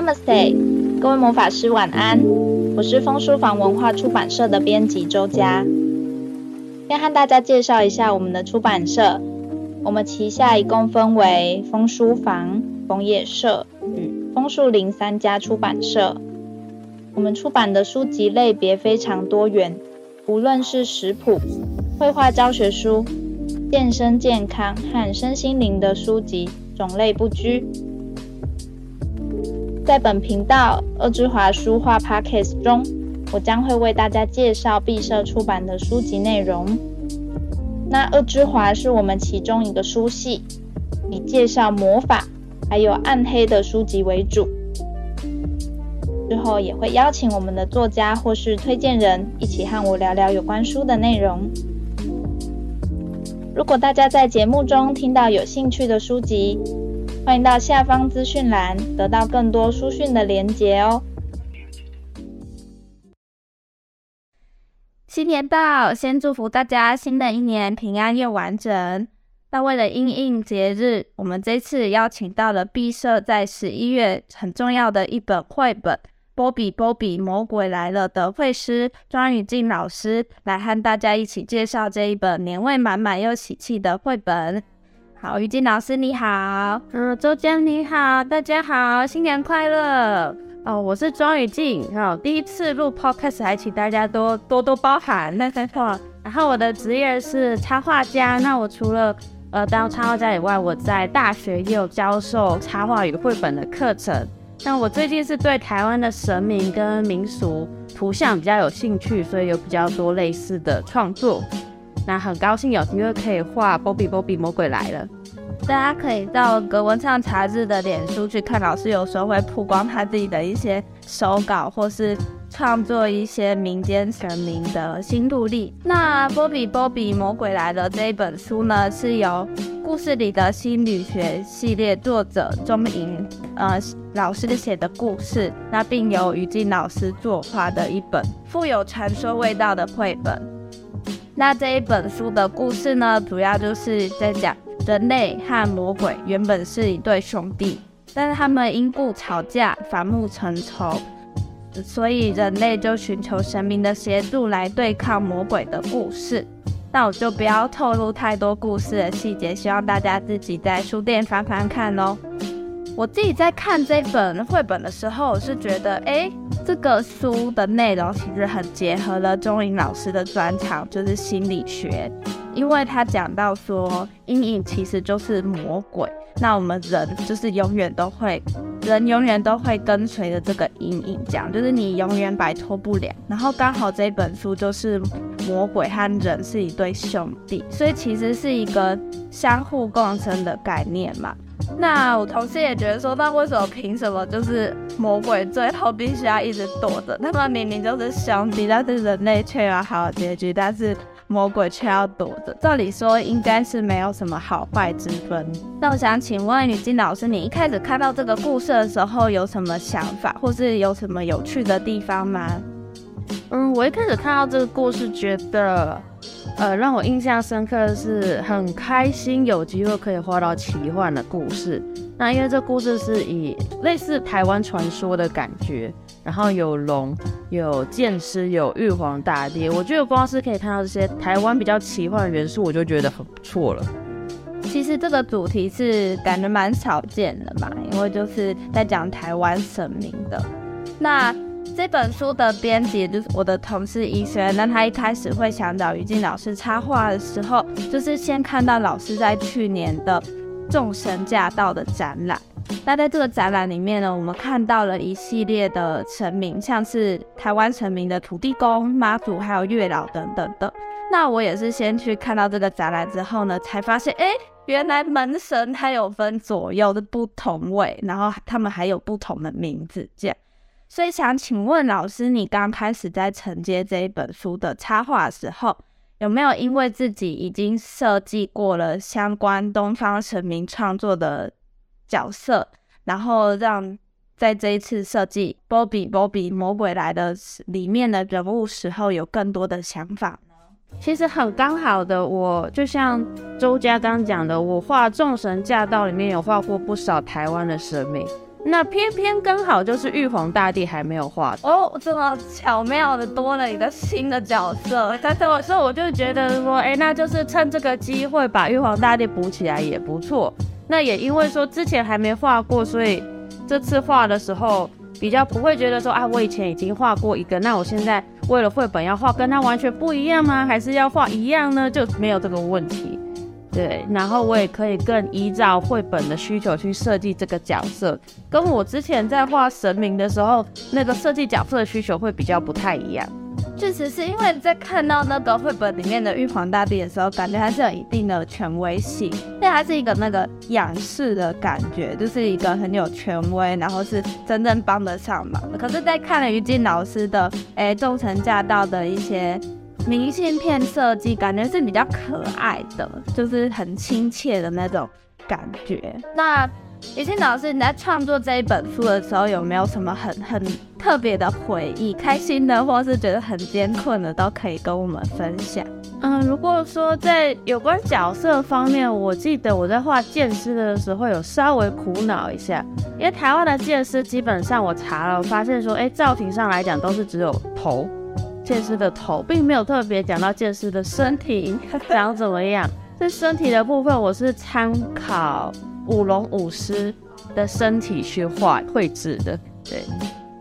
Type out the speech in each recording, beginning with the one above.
Namaste，各位魔法師晚安。我是楓書坊文化出版社的編輯周佳。先和大家介紹一下我們的出版社。我們旗下一共分為楓書坊、楓葉社與楓樹林三家出版社。我們出版的書籍類別非常多元，無論是食譜、繪畫教學書、健身健康和身心靈的書籍，種類不拘。在本頻道《惡之華書話》Podcast 中，我將會為大家介紹敝社出版的書籍內容。那惡之華是我們其中一個書系，以介紹魔法還有暗黑的書籍為主。之後也會邀請我們的作家或是推薦人一起和我聊聊有關書的內容。如果大家在節目中聽到有興趣的書籍，歡迎到下方資訊欄得到更多書訊的連結哦。新年到，先祝福大家新的一年平安又完整。那為了因應節日，我們這次邀請到了敝社在十一月很重要的一本繪本《保庇保庇，魔鬼來了》的繪師莊予瀞老師，來和大家一起介紹這一本年味滿滿又喜氣的繪本。好，予瀞老師你好，嗯、呃，周佳你好，大家好，新年快樂哦！我是莊予瀞，好，第一次錄 podcast，還請大家多多多包涵，那然後我的職業是插畫家，那我除了呃當插畫家以外，我在大學也有教授插畫與繪本的課程。那我最近是對台灣的神明跟民俗圖像比較有興趣，所以有比較多類似的創作。那、啊、很高興有機會可以畫《波比波比魔鬼來了》，大家可以到格文上雜誌的臉書去看，老師有時候會曝光他自己的一些手稿，或是創作一些民間神明的心路歷。那《波比波比魔鬼來了》這一本書呢，是由故事裡的心理學系列作者鍾瑩，呃，老師寫的故事，那並由於靜老師作畫的一本富有傳說味道的繪本。那這一本書的故事呢，主要就是在講人類和魔鬼原本是一對兄弟，但是他們因故吵架，反目成仇，所以人類就尋求神明的協助來對抗魔鬼的故事。那我就不要透露太多故事的細節，希望大家自己在書店翻翻看哦。我自己在看這本繪本的時候，我是覺得，哎、欸，這個書的內容其實很結合了鍾穎老師的專長，就是心理學，因為他講到說，陰影其實就是魔鬼，那我們人就是永遠都會，人永遠都會跟隨着這個陰影，講就是你永遠擺脫不了。然後剛好這本書就是魔鬼和人是一對兄弟，所以其實是一個相互共生的概念嘛。那我同事也覺得說，那為什麼憑什麼就是魔鬼最後必須要一直躲着？他們明明就是兄弟，但是人類卻有好的結局，但是魔鬼卻要躲着。照理說應該是沒有什麼好壞之分。那我想請問予瀞老師，你一開始看到這個故事的時候有什麼想法，或是有什麼有趣的地方嗎？嗯，我一開始看到這個故事，覺得。呃，讓我印象深刻的是很開心有機會可以畫到奇幻的故事。那因為這故事是以類似台灣傳說的感覺，然後有龍、有劍獅、有玉皇大帝，我覺得光是可以看到這些台灣比較奇幻的元素，我就覺得很不錯了。其實這個主題是感覺蠻少見的吧？因為就是在講台灣神明的。那這本書的編輯就是我的同事伊軒。那他一開始會想找予瀞老師插畫的時候，就是先看到老師在去年的《眾神駕到》的展覽。那在這個展覽裡面呢，我們看到了一系列的神明，像是台灣神明的土地公、媽祖，還有月老等等的。那我也是先去看到這個展覽之後呢，才發現，哎，原來門神它有分左右的不同位，然後他們還有不同的名字，這樣。所以想請問老師，你剛開始在承接這一本書的插畫的時候，有沒有因為自己已經設計過了相關東方神明創作的角色，然後讓在這一次設計《保庇保庇，魔鬼來了》裡面的人物時候有更多的想法？其實很剛好的我，我就像周佳剛講的，我畫《眾神駕到》裡面有畫過不少台灣的神明，那偏偏剛好就是玉皇大帝還沒有畫哦，這麼、oh, 巧妙的多了一個新的角色。但是我說，我就覺得說，哎、欸，那就是趁這個機會把玉皇大帝補起來也不錯。那也因為說之前還沒畫過，所以這次畫的時候比較不會覺得說，啊，我以前已經畫過一個，那我現在為了繪本要畫，跟他完全不一樣嗎？還是要畫一樣呢？就沒有這個問題。對，然後我也可以更依照繪本的需求去設計這個角色，跟我之前在畫神明的時候那個設計角色的需求會比較不太一樣。確實是因為在看到那個繪本裡面的玉皇大帝的時候，感覺他是有一定的權威性，因為是一個那個仰視的感覺，就是一個很有權威，然後是真正幫得上忙。可是，在看了予瀞老師的誒，眾神駕到的一些明信片設計感覺是比較可愛的，就是很親切的那種感覺。那予瀞老師你在創作這一本書的時候有沒有什麼很很特別的回憶？開心的或是覺得很艱困的都可以跟我們分享。嗯，如果說在有關角色方面，我記得我在畫劍獅的時候有稍微苦惱一下，因為台灣的劍獅基本上我查了，我發現說，哎、欸，造型上來講都是只有頭。劍獅的頭並沒有特別講到劍獅的身體長怎麼樣，這 身體的部分，我是參考舞龍舞獅的身體去畫繪製的。對，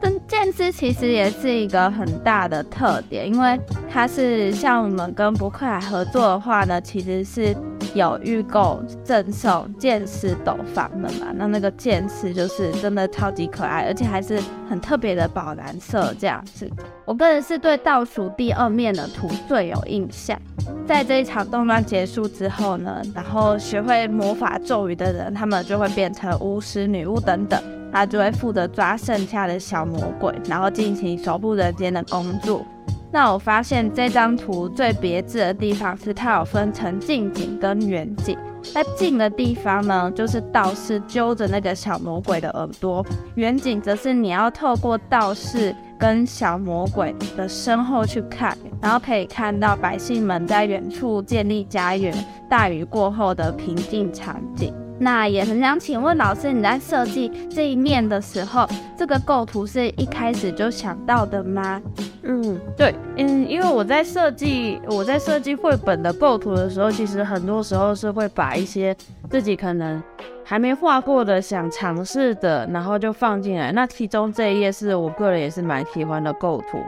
但劍獅其實也是一個很大的特點，因為它是像我們跟不愧合作的話呢，其實是。有預購贈送劍獅斗方的嘛？那那個劍獅就是真的超級可愛，而且還是很特別的寶藍色這樣子。我個人是對倒數第二面的圖最有印象。在這一場動亂結束之後呢，然後學會魔法咒語的人，他們就會變成巫師、女巫等等，那就會負責抓剩下的小魔鬼，然後進行守護人間的工作。那我發現這張圖最別緻的地方是它有分成近景跟遠景。在近的地方呢，就是道士揪着那個小魔鬼的耳朵；遠景則是你要透過道士跟小魔鬼的身後去看，然後可以看到百姓們在遠處建立家園、大雨過後的平靜場景。那也很想請問老師，你在設計這一面的時候，這個構圖是一開始就想到的嗎？嗯，對，嗯，因為我在設計我在設計繪本的構圖的時候，其實很多時候是會把一些自己可能還沒畫過的、想嘗試的，然後就放進來。那其中這一頁是我個人也是蠻喜歡的構圖。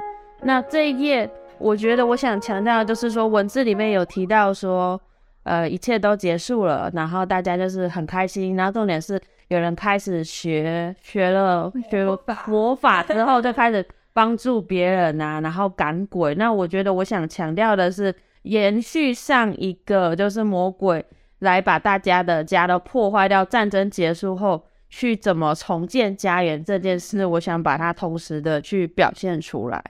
那這一頁，我覺得我想強調的就是說，文字裡面有提到說，呃，一切都結束了，然後大家就是很開心。然後重點是有人開始學學了學了魔法之後就開始。幫助別人啊，然後趕鬼。那我覺得，我想強調的是，延續上一個就是魔鬼來把大家的家都破壞掉。戰爭結束後，去怎麼重建家園這件事，我想把它同時的去表現出來。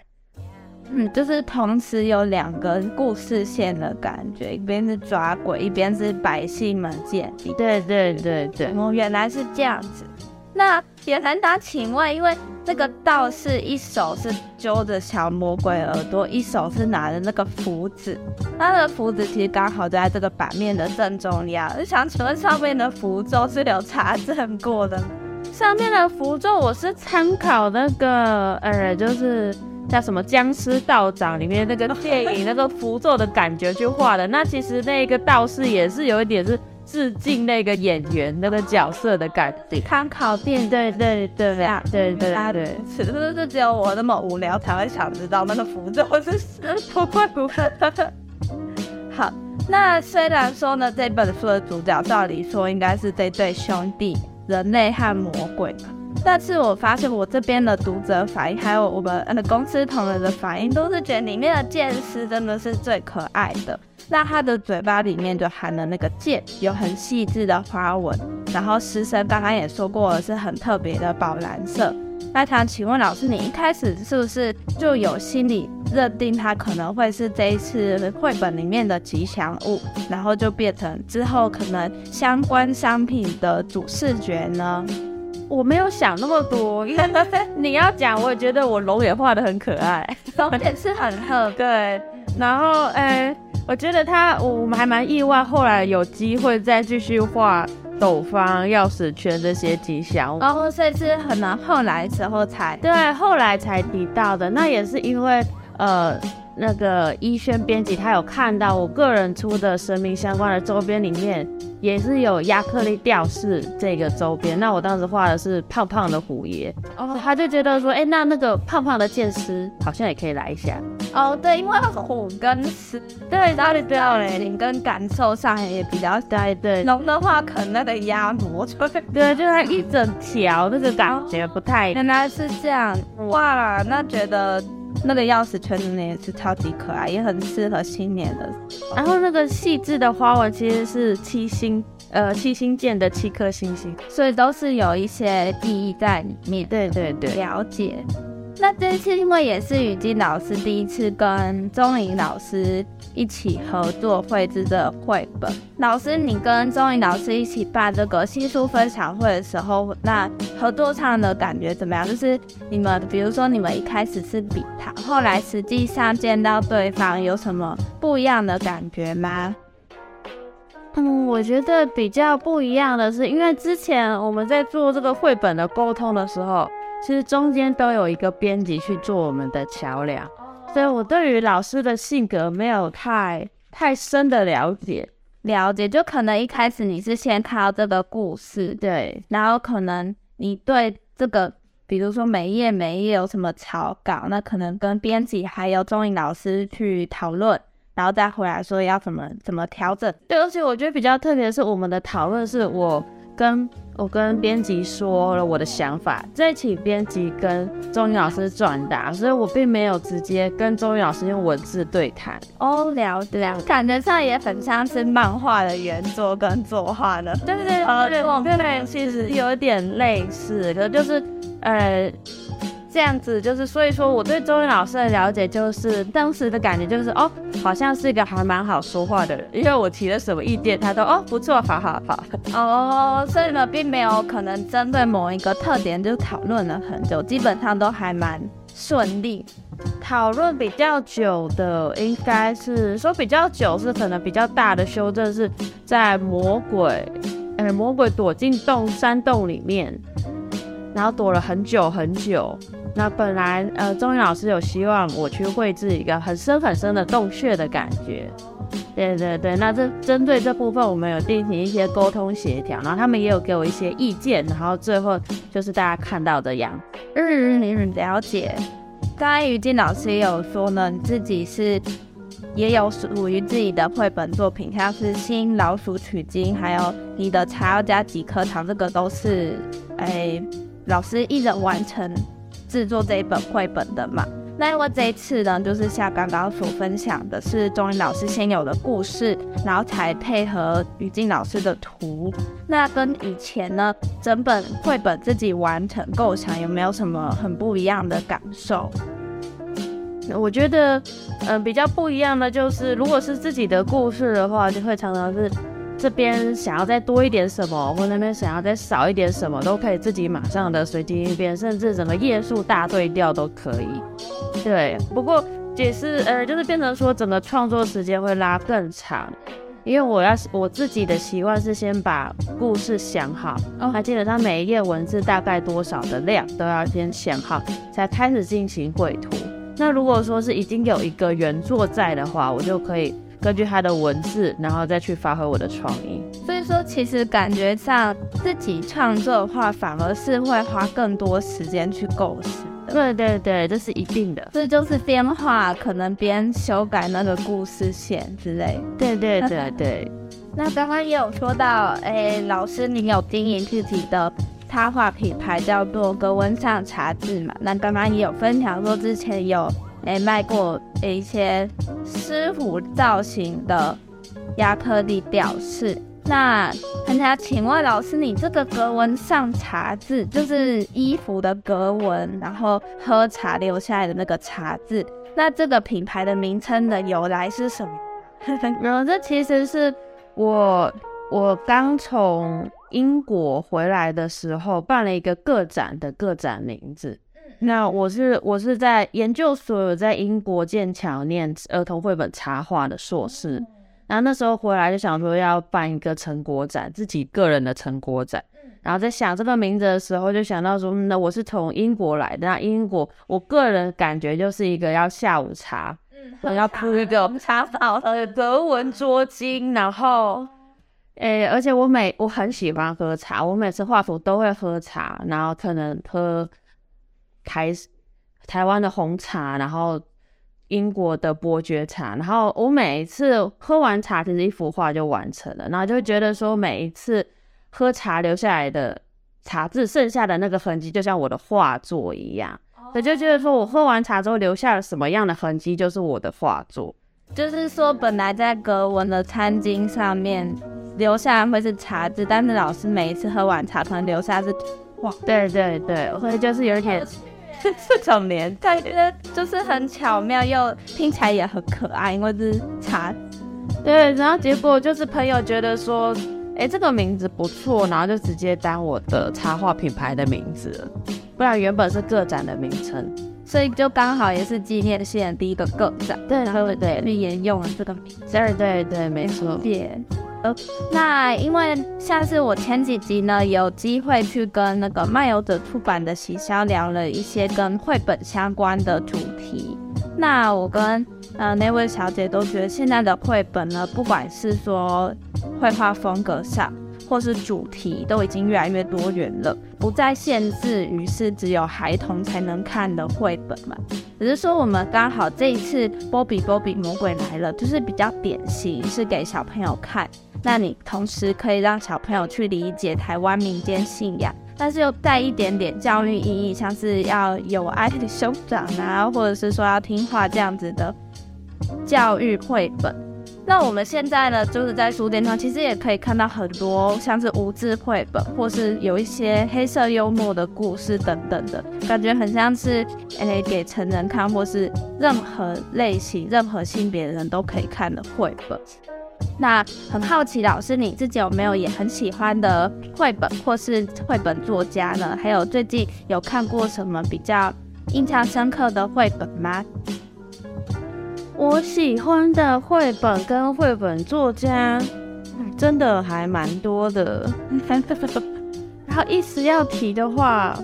嗯，就是同時有兩個故事線的感覺，一邊是抓鬼，一邊是百姓們建立。對對對對。哦、嗯，原來是這樣子。那也很想，請問，因為。這個道士一手是揪着小魔鬼耳朵，一手是拿着那個符紙。他的符紙其實剛好就在這個版面的正中央。就想請問上面的符咒是有查證過的？上面的符咒我是參考那個，呃，就是叫什麼《殭屍道長》裡面那個電影 那個符咒的感覺去畫的。那其實那個道士也是有一點是。致敬那個演員那個角色的感情，參 考電影，對對對啊，對對啊，對，是不是只有我那麼無聊才會想知道那個符咒是？不會不會，好，那雖然說呢，這本書的主角，照理說應該是這對兄弟，人類和魔鬼。那次我發現我這邊的讀者反應，還有我們的、呃、公司同仁的反應，都是覺得裡面的劍獅真的是最可愛的。那他的嘴巴裡面就含了那個劍，有很細緻的花紋。然後師生剛剛也說過了，是很特別的寶藍色。那想請問老師，你一開始是不是就有心理認定它可能會是這一次繪本裡面的吉祥物，然後就變成之後可能相關商品的主視覺呢？我沒有想那麼多，因為你要講，我也覺得我龍也畫得很可愛，龍 也是很黑。對，然後哎、欸、我覺得他，我們還蠻意外，後來有機會再繼續畫鬥方、鑰匙圈這些吉祥物，然後算是很難。後來時候才對，後來才提到的，那也是因為呃。那個醫軒編輯，他有看到我個人出的神明相關的周邊裡面，也是有亞克力吊飾這個周邊。那我當時畫的是胖胖的虎爺，哦，他就覺得說，哎、欸，那那個胖胖的劍獅好像也可以來一下。哦，對，因為虎跟獅，對，哪裡對了，你跟感受上也比較對對。龍的話，可能那個壓模，對，就那一整條，那個感覺不太。原來是這樣，哇我，那覺得。那個鑰匙圈呢，也是超級可愛，也很適合新年的。然後那個細緻的花紋其實是七星，呃，七星劍的七顆星星，所以都是有一些意義在裡面。對，對對對，了解。那這期因為也是予瀞老師第一次跟鐘穎老師。一起合作繪製這個繪本。老師，你跟鐘穎老師一起辦這個新書分享會的時候，那合作上的感覺怎麼樣？就是你們，比如說你們一開始是筆談，後來實際上見到對方，有什麼不一樣的感覺嗎？嗯，我覺得比較不一樣的是，因為之前我們在做這個繪本的溝通的時候，其實中間都有一個編輯去做我們的橋樑。所以我對於老師的性格沒有太太深的了解，了解就可能一開始你是先看到這個故事。對，然後可能你對這個，比如說每一頁每一頁有什麼草稿，那可能跟編輯還有鐘穎老師去討論，然後再回來說要怎麼怎麼調整。對，而且我覺得比較特別的是，我們的討論是我。跟我跟編輯說了我的想法，再請編輯跟鐘穎老師轉達，所以我並沒有直接跟鐘穎老師用文字對談哦，聊這、oh, 感覺上也很像是漫畫的原作跟作畫的，對對對對，其實有點類似，可是就是呃。這樣子就是，所以說我對鐘穎老師的了解就是，當時的感覺就是，哦，好像是一個還蠻好說話的人，因為我提了什麼意見，他都，哦，不錯，好好好。哦，所以呢，並沒有可能針對某一個特點就討論了很久，基本上都還蠻順利。討論比較久的，應該是說比較久是可能比較大的修正是在魔鬼，哎、欸，魔鬼躲進洞山洞裡面。然後躲了很久很久。那本來呃，鐘穎老師有希望我去繪製一個很深很深的洞穴的感覺。對對對。那這針對這部分，我們有進行一些溝通協調，然後他們也有給我一些意見。然後最後就是大家看到的樣。嗯你很、嗯嗯、了解。剛才予瀞老師也有說呢，你自己是也有屬於自己的繪本作品，像是《新老鼠娶親》，還有你的“茶要加幾顆糖”，這個都是哎。老師一人完成製作這一本繪本的嘛？那我這一次呢，就是像剛剛所分享的，是鐘穎老師先有的故事，然後才配合予瀞老師的圖。那跟以前呢，整本繪本自己完成構想，有沒有什麼很不一樣的感受？我覺得，嗯、呃，比較不一樣的就是，如果是自己的故事的話，就會常常是。這邊想要再多一點什麼，或那邊想要再少一點什麼，都可以自己馬上的隨機應變，甚至整個頁數大對調都可以。對，不過解釋呃，就是變成說整個創作時間會拉更長，因為我要我自己的習慣是先把故事想好，哦、oh. 啊，還記得上每一頁文字大概多少的量都要先想好，才開始進行繪圖。那如果說是已經有一個原作在的話，我就可以。根據他的文字，然後再去發揮我的創意。所以說，其實感覺上自己創作的話，反而是會花更多時間去構思。對對對，這是一定的。這就是邊畫，可能邊修改那個故事線之類。對，對對對對。 那剛剛也有說到，哎、欸，老師，你有經營自己的插畫品牌，叫做格紋上茶漬嘛？那剛剛也有分享說，之前有。哎、欸，賣過一些師傅造型的亞克力表示。那很想請問老師，你這個格紋上茶漬，就是衣服的格紋，然後喝茶留下來的那個茶漬，那這個品牌的名稱的由來是什麼？呃， 這其實是我我剛從英國回來的時候辦了一個個展的個展名字。那我是我是在研究所，有在英國劍橋念兒童繪本插畫的碩士，然後那時候回來就想說要辦一個成果展，自己個人的成果展。然後在想這個名字的時候，就想到說，那我是從英國來的，那英國我個人感覺就是一個要下午茶，嗯，可能要鋪一個茶堡的格紋桌巾，然後，哎、欸，而且我每我很喜歡喝茶，我每次畫圖都會喝茶，然後可能喝。台台灣的紅茶，然後英國的伯爵茶，然後我每一次喝完茶，其實一幅畫就完成了，然後就覺得說每一次喝茶留下來的茶漬，剩下的那個痕跡，就像我的畫作一樣，我就覺得說我喝完茶之後留下了什麼樣的痕跡，就是我的畫作。就是說，本來在格紋的餐巾上面留下來會是茶漬，但是老師每一次喝完茶可能留下來是，哇，對對對，所以茶，就是有一點。這種年代，他覺得就是很巧妙，又聽起來也很可愛，因為是茶。對，然後結果就是朋友覺得說，哎、欸，這個名字不錯，然後就直接當我的插畫品牌的名字，不然原本是個展的名稱，所以就剛好也是紀念新人第一個個展。對，然後對，就沿用了這個名字。對對，對，對，沒錯。 呃、嗯，那因為下次我前幾集呢，有機會去跟那個漫遊者出版的行銷，聊了一些跟繪本相關的主題。那我跟呃那位小姐都覺得，現在的繪本呢，不管是說繪畫風格上，或是主題，都已經越來越多元了，不再限制於是只有孩童才能看的繪本嘛。只是說我們剛好這一次《保庇保庇，魔鬼來了》就是比較典型，是給小朋友看。那你同時可以讓小朋友去理解台灣民間信仰，但是又帶一點點教育意義，像是要有愛的兄長啊，或者是說要聽話這樣子的教育繪本。那我們現在呢，就是在書店上其實也可以看到很多像是無字繪本，或是有一些黑色幽默的故事等等的，感覺很像是誒給成人看，或是任何類型、任何性別的人都可以看的繪本。那很好奇，老師你自己有沒有也很喜歡的繪本或是繪本作家呢？還有最近有看過什麼比較印象深刻的繪本嗎？我喜歡的繪本跟繪本作家真的還蠻多的。 然後一時要提的話，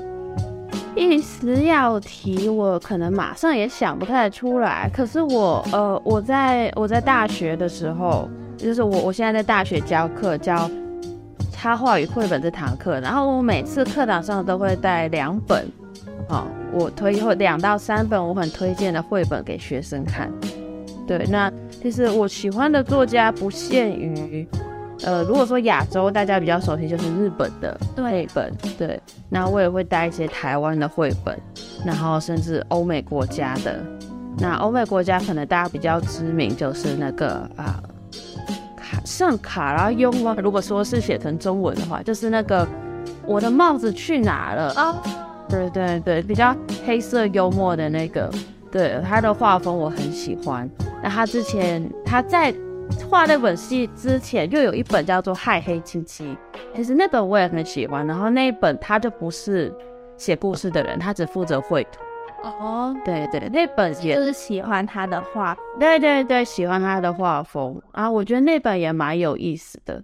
一時要提，我可能馬上也想不太出來。可是我呃，我在我在大學的時候。就是我，我現在在大學教課，教插畫與繪本這堂課。然後我每次課堂上都會帶兩本，啊、哦，我推後兩到三本我很推薦的繪本給學生看。對，那其實我喜歡的作家不限於，呃，如果說亞洲大家比較熟悉就是日本的繪本，對，那對我也會帶一些台灣的繪本，然後甚至歐美國家的。那歐美國家可能大家比較知名就是那個啊。上卡拉幽默，如果說是寫成中文的話，就是那個我的帽子去哪了啊？Oh, 對對對，比較黑色幽默的那個，對，他的畫風我很喜歡。那他之前他在畫那本戲之前，又有一本叫做《嗨黑漆漆》，其實那本我也很喜歡。然後那一本他就不是寫故事的人，他只負責繪圖。哦，oh, 對對，那本也就是喜歡他的畫，對對對，喜歡他的畫風啊，我覺得那本也蠻有意思的。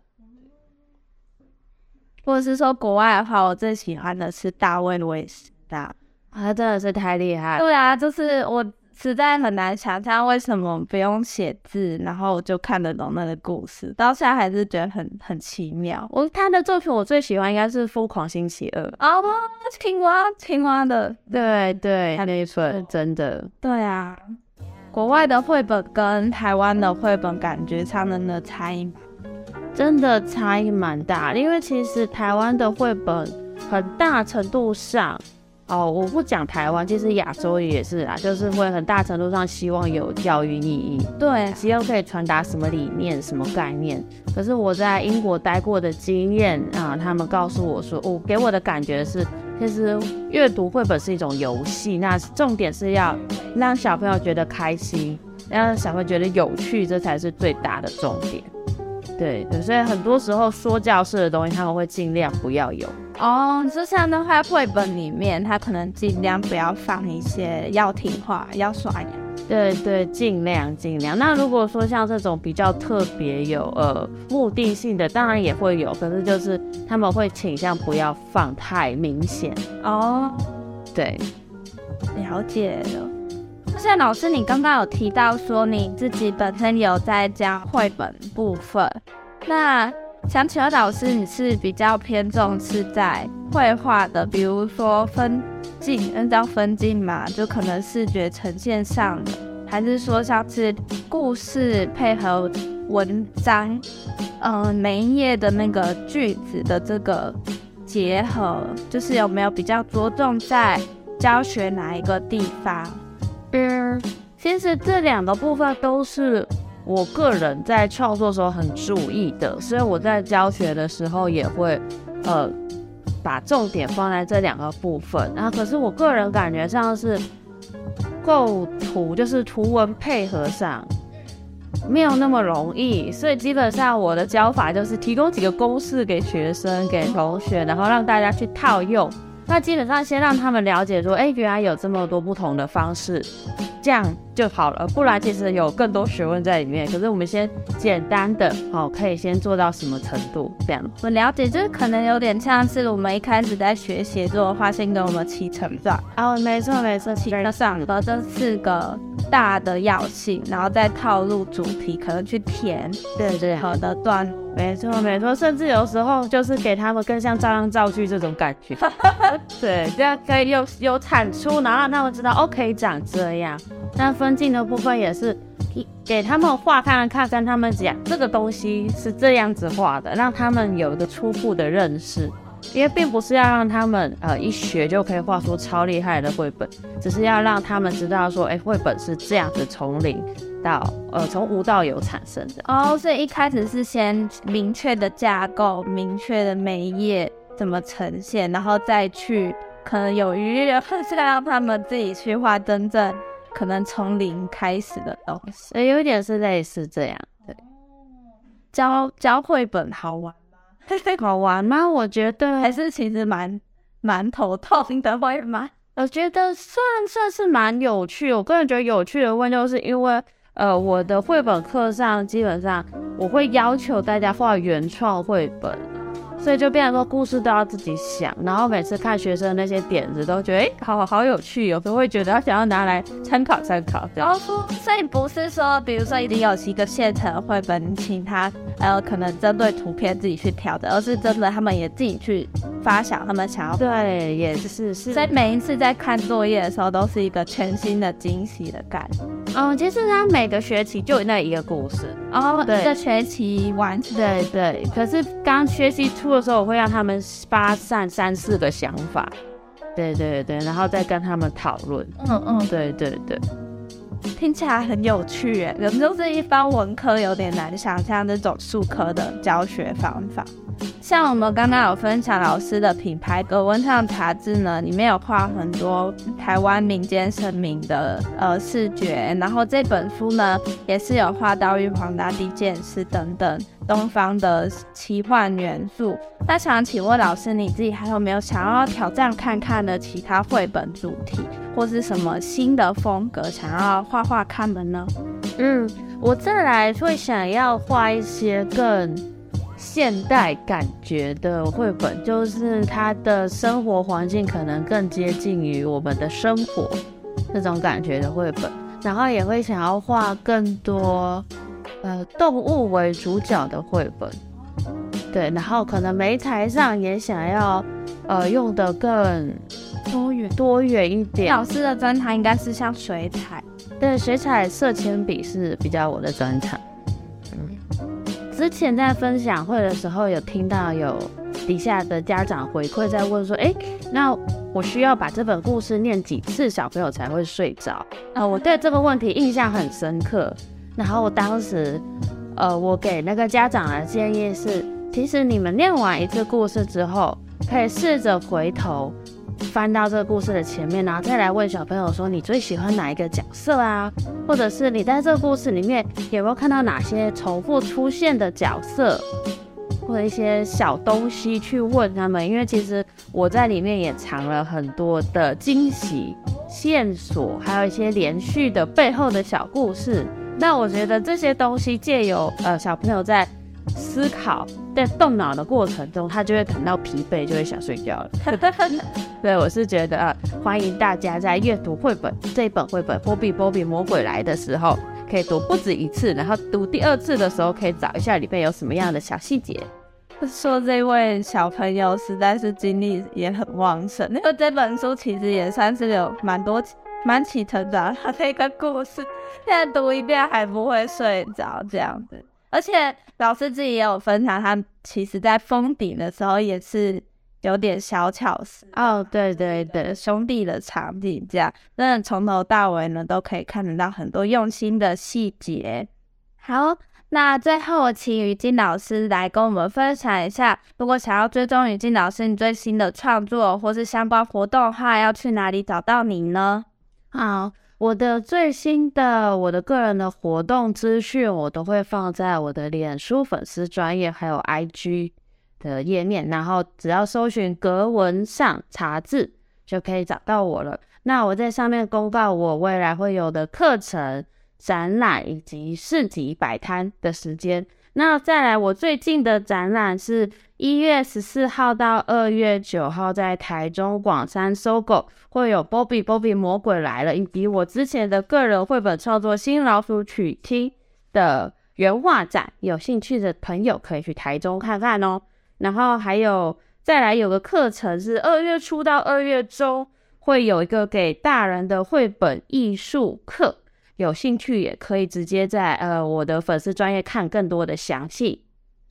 或者是說國外的話，我最喜歡的是大衛·威斯納，啊，他他真的是太厲害。對啊，就是我。實在很難想象為什麼不用寫字，然後就看得懂那個故事。到現在還是覺得很很奇妙。我他的作品我最喜歡應該是《瘋狂星期二》啊、哦，青蛙青蛙的，對對，對他那一份是真的。對啊，國外的繪本跟台灣的繪本感覺差的那差異，真的差異蠻大。因為其實台灣的繪本很大程度上。哦，我不講台灣，其實亞洲也是啦，就是會很大程度上希望有教育意義，對，希望可以傳達什麼理念、什麼概念。可是我在英國待過的經驗啊、呃，他們告訴我說，哦，給我的感覺是，其實閱讀繪本是一種遊戲，那重點是要讓小朋友覺得開心，讓小朋友覺得有趣，這才是最大的重點。對，所以很多時候說教式的東西，他們會盡量不要有。哦，oh, 就像的話，繪本裡面他可能盡量不要放一些要聽話、要刷牙。對對，盡量盡量。那如果說像這種比較特別有呃目的性的，當然也會有，可是就是他們會傾向不要放太明顯。哦，oh, 對，了解了。那現在老師，你剛剛有提到說你自己本身有在教繪本部分，那。想請問老師，你是比較偏重是在繪畫的，比如說分鏡，按、嗯、照分鏡嘛，就可能視覺呈現上的，還是說像是故事配合文章，嗯、呃，每一頁的那個句子的這個結合，就是有沒有比較着重在教學哪一個地方？嗯、呃，其實這兩個部分都是我個人在創作的時候很注意的，所以我在教學的時候也會，呃，把重點放在這兩個部分。然後，可是我個人感覺像是構圖，就是圖文配合上沒有那麼容易。所以基本上我的教法就是提供幾個公式給學生、給同學，然後讓大家去套用。那基本上先讓他們了解說，誒、欸，原來有這麼多不同的方式。這樣就好了，不然其實有更多學問在裡面。可是我們先簡單的，哦，可以先做到什麼程度？這樣我了解，就是可能有點像是我們一開始在學寫作的話，先給我們起承轉。啊、oh,，沒錯沒錯，起承轉合這四個大的要素，然後再套入主題，可能去填對對合的段。沒錯沒錯，甚至有時候就是給他們更像照樣造句這種感覺。 對，這樣可以有有產出，然後讓他們知道哦，可以長這樣。那分鏡的部分也是，給給他們畫看看，跟他們講這個東西是這樣子畫的，讓他們有一個初步的認識。因為並不是要讓他們呃一學就可以畫出超厲害的繪本，只是要讓他們知道說，誒、欸，繪本是這樣子從零到呃從無到有產生的。哦，oh, 所以一開始是先明確的架構，明確的每一頁怎麼呈現，然後再去可能有餘力再讓他們自己去畫真正。可能從零開始的東西，有一點是類似這樣。對，教教繪本好玩好玩嗎？我覺得還是其實蠻蠻頭痛的，我也我覺得算算是蠻有趣。我個人覺得有趣的問題就是因為呃，我的繪本課上，基本上我會要求大家畫原創繪本。所以就變成說故事都要自己想，然後每次看學生的那些點子都覺得哎、欸、好好，好有趣、哦，有時候會覺得他想要拿來參考參考。然後、哦、所以不是說比如說已經有一個現成繪本，請他還、呃、可能針對圖片自己去調的，而是真的他們也自己去發想，他們想要對也是是。所以每一次在看作業的時候，都是一個全新的驚喜的感嗯，oh, 其實他每個學期就那一個故事哦，oh, 對，一個學期完，對，對對。可是剛學習初的時候，我會讓他們發散三,三四個想法，對對對，然後再跟他們討論，嗯嗯，對對對。聽起來很有趣耶，人就這一般文科有點難想象這種術科的教學方法。像我們剛剛有分享老師的品牌《格紋上茶漬》呢，裡面有畫很多台灣民間神明的呃視覺，然後這本書呢也是有畫到玉皇大帝、劍獅等等。東方的奇幻元素。那想請問老師，你自己還有沒有想要挑戰看看的其他繪本主題，或是什麼新的風格想要畫畫看呢？嗯，我再來會想要畫一些更現代感覺的繪本，就是他的生活環境可能更接近於我們的生活這種感覺的繪本。然後也會想要畫更多。呃，動物為主角的繪本，對，然後可能媒材上也想要，呃，用得更多元，多元一點。老師的專長應該是像水彩。對，水彩色鉛筆是比較我的專長。嗯，之前在分享會的時候有聽到有底下的家長回饋在問說，哎、欸，那我需要把這本故事念幾次小朋友才會睡着？呃，我對這個問題印象很深刻。然後當時，呃，我給那個家長的建議是，其實你們念完一次故事之後，可以試着回頭翻到這個故事的前面，然後再來問小朋友說：“你最喜歡哪一個角色啊？或者是你在這個故事裡面有沒有看到哪些重複出現的角色，或者一些小東西去問他們？因為其實我在裡面也藏了很多的驚喜線索，還有一些連續的背後的小故事。”那我覺得這些東西借由呃，小朋友在思考、在動腦的過程中，他就會感到疲憊，就會想睡覺了。 對，我是覺得，啊、呃，歡迎大家在閱讀繪本這本繪本《保庇保庇，魔鬼來了》的時候，可以讀不止一次，然後讀第二次的時候可以找一下裡面有什麼樣的小細節。說這位小朋友實在是精力也很旺盛，因為這本書其實也算是有蠻多。蠻起程的他這個故事，現在讀一遍還不會睡着這樣子，而且老師自己也有分享，他其實，在封頂的時候也是有點小巧思哦，oh, 對，對對對，兄弟的場景這樣，真的從頭到尾呢都可以看得到很多用心的細節。好，那最後我請予瀞老師來跟我們分享一下，如果想要追蹤予瀞老師你最新的創作或是相關活動的話，要去哪裡找到您呢？好，我的最新的我的個人的活動資訊，我都會放在我的臉書粉絲專頁還有 IG 的頁面，然後只要搜尋格紋上茶漬就可以找到我了。那我在上面公告我未來會有的課程、展覽以及市集擺攤的時間。那再來，我最近的展覽是。一月十四號到二月九號，在台中廣三 SOGO 會有保庇保庇魔鬼來了，以及我之前的個人繪本創作《新老鼠娶親》的原畫展，有興趣的朋友可以去台中看看哦。然後還有，再來有個課程是二月初到二月中會有一個給大人的繪本藝術課，有興趣也可以直接在呃我的粉絲專頁看更多的詳細。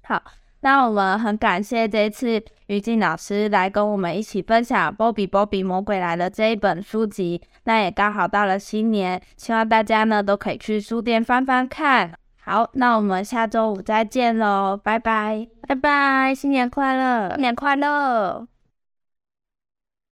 好。那我們很感謝這一次予瀞老師來跟我們一起分享《保庇保庇魔鬼來了》這一本書籍。那也剛好到了新年，希望大家呢都可以去書店翻翻看。好，那我們下周五再見嘍，拜拜拜拜，新年快樂，新年快樂。